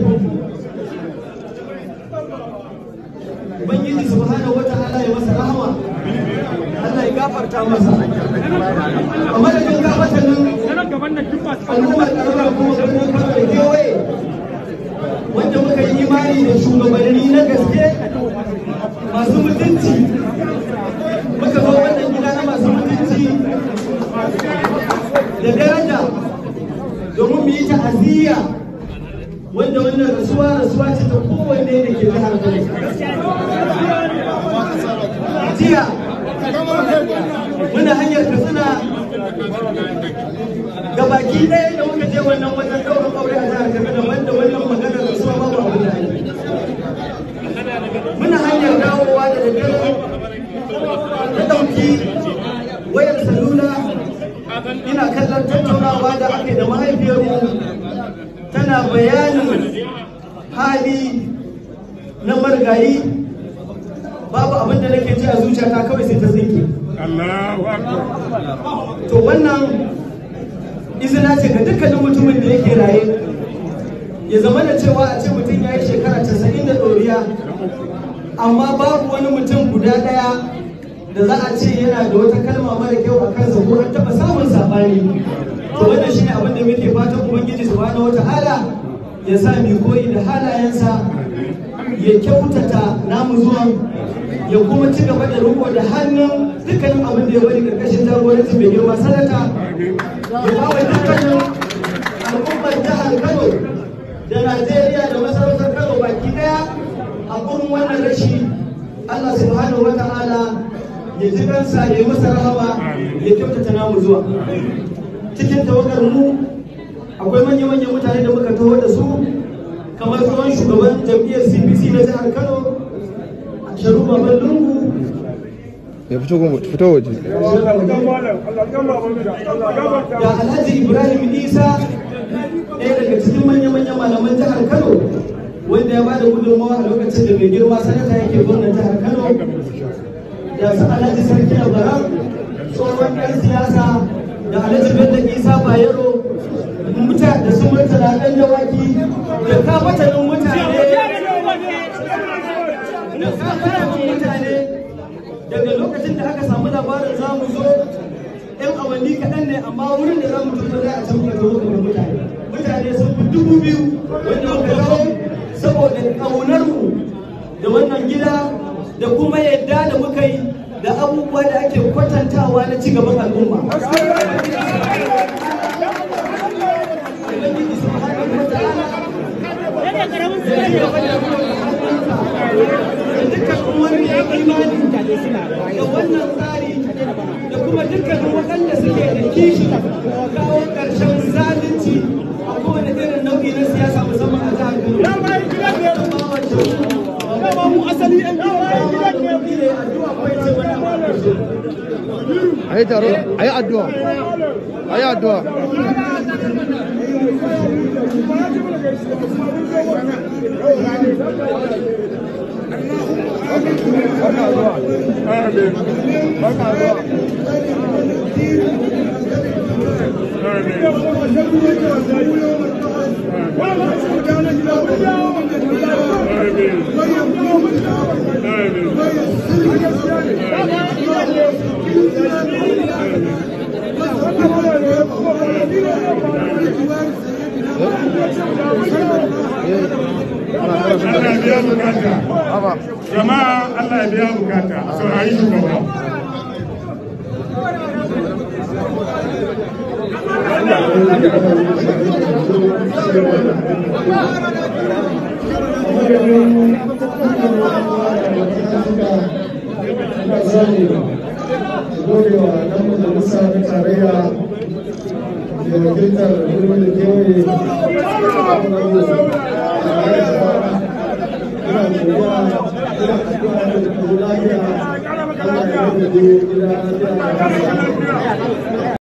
mahaifanmu ubangiji subhanahu wata'ala ya masa rahama Allah ya gafarta masa a madadin gafarta nan al'ummar ɗaura kuma kuma fara kewaye wanda muka yi imani da shugabanni na gaske masu mutunci muka zo wannan gida na masu mutunci da daraja domin mu yi ta'aziyya wanda wannan rasuwa rasuwa ce ta kowanne da ke jihar Kano jiya muna hanyar suna ga baki ɗaya da muka je wannan wajen ɗaukar aure a jihar Kano wanda wannan magana rasuwa ba ba wanda muna hanyar dawowa da daddare ta ɗauki wayar salula ina kallon tattaunawa da ake da mahaifiyarmu tana bayanin hali na margayi babu abin da nake ji a zuciyata kawai sai ta tsinke to wannan izina ce ga dukkanin mutumin da yake raye ya zama da cewa a ce mutum ya yi shekara casa'in da ɗoriya amma babu wani mutum guda ɗaya da za a ce yana da wata kalma mara kyau a kansa ko an taɓa samun saɓani to wannan shine abin da muke ya sa mu koyi da halayensa ya kyautata namu zuwa ya kuma ci gaba da riko da hannun dukkanin abin da ya bari karkashin jagoranci mai girma sadaka ya ba wa dukkanin al'ummar jihar kano da najeriya da masarautar kano baki daya a gurin wannan rashi allah subhanahu wa ta'ala ya ji kansa ya yi masa rahama ya kyautata namu zuwa cikin tawagar mu akwai manya-manyan mutane da muka taho da su kamar tsohon shugaban jam'iyyar cpc na jihar kano sharu baban lungu ya fito kuma fito waje ya alhaji ibrahim isa ɗaya daga cikin manya-manyan malaman jihar kano wanda ya bada gudunmawa a lokacin da mai girma sanata yake gwamnan jihar kano da su alhaji sarki abaram tsohon ɗan siyasa da alhaji bello isa bayero su masara ɗan dawaki da kafatanin mutane daga lokacin da aka samu labarin za mu zo yan awanni kaɗan ne amma wurin da za mu tuta za a can kuma zo da mutane mutane sun fi dubu biyu wanda muka kawo saboda ƙaunarmu da wannan gida da kuma yadda da muka yi da abubuwa da ake kwatantawa na cigaban al'umma. imani da wannan tsari da kuma dukkanin waɗanda suke da kishi kawo ƙarshen zalunci a kowane irin nau'i na siyasa musamman a jihar Kano. mu asali A yi taro, a yi addu'a, a yi addu'a. barka zuwa Thank you. Allah biya bukata saurayi shugaba godewa nan majalisa na tarayya da